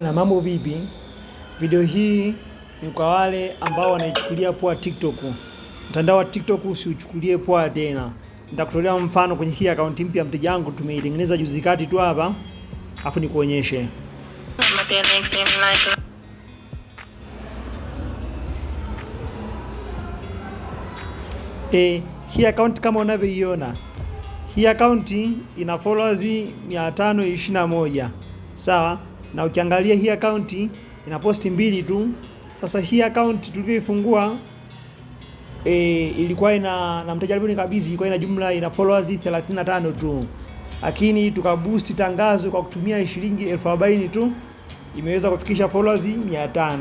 Na mambo vipi? Video hii ni kwa wale ambao wanaichukulia poa TikTok. Mtandao wa TikTok usiuchukulie poa tena. Nitakutolea mfano kwenye hii akaunti mpya mteja wangu tumeitengeneza juzi kati tu hapa. Afu nikuonyeshe. Eh, hii account kama unavyoiona. Hii account ina followers 521. Sawa? na ukiangalia hii akaunti ina posti mbili tu. Sasa hii account tulivyoifungua e, ilikuwa ina na mteja alivyonikabidhi ilikuwa ina jumla ina followers 35 tu, lakini tukaboost tangazo kwa kutumia shilingi elfu arobaini tu imeweza kufikisha followers 500.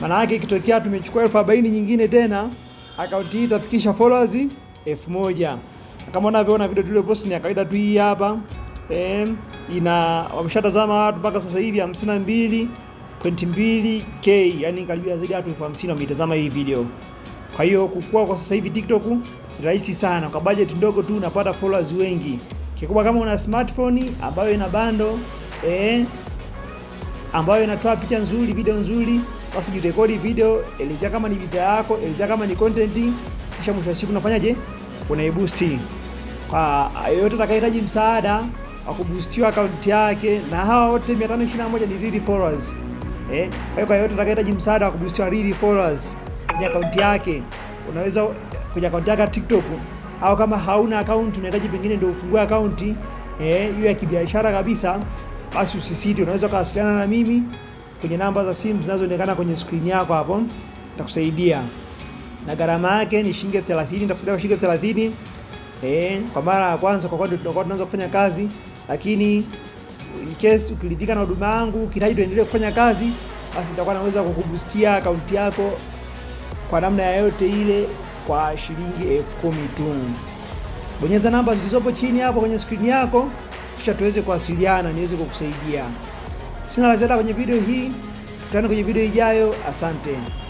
Maana yake ikitokea tumechukua elfu arobaini nyingine tena, akaunti hii itafikisha followers elfu moja. Kama unavyoona video tulio post ni ya kawaida tu hii hapa eh, ina wameshatazama watu mpaka sasa hivi 52.2k, yani karibia zaidi ya watu elfu hamsini wameitazama hii video. Kwa hiyo kukua kwa sasa hivi TikTok ni rahisi sana, kwa budget ndogo tu unapata followers wengi. Kikubwa kama una smartphone ambayo ina bando eh, ambayo inatoa picha nzuri, video nzuri, basi jirekodi video, elezea kama ni bidhaa yako, elezea kama ni content, kisha mwisho wa siku unafanyaje? Unaiboost. Kwa yoyote atakayehitaji msaada akubustiwa akaunti yake, na hawa wote 521 ni real followers eh. Kwa hiyo kwa yote atakayehitaji msaada wa kubustiwa real followers kwenye akaunti yake, unaweza kwenye akaunti yake TikTok, au kama hauna akaunti unahitaji pengine ndio ufungue akaunti eh, hiyo ya kibiashara kabisa, basi usisite, unaweza kuwasiliana na mimi kwenye namba za simu zinazoonekana kwenye screen yako hapo, nitakusaidia na gharama yake ni shilingi 30. Nitakusaidia kwa shilingi 30 eh, kwa mara ya kwanza, kwa kweli tunakuwa tunaanza kufanya kazi lakini in case ukilipika na huduma yangu ukihitaji tuendelee kufanya kazi, basi nitakuwa naweza kukuboostia akaunti yako kwa namna yoyote ile kwa shilingi elfu kumi tu. Bonyeza namba zilizopo chini hapo kwenye skrini yako, kisha tuweze kuwasiliana niweze kukusaidia. Sina la ziada kwenye video hii, tukutane kwenye video ijayo. Asante.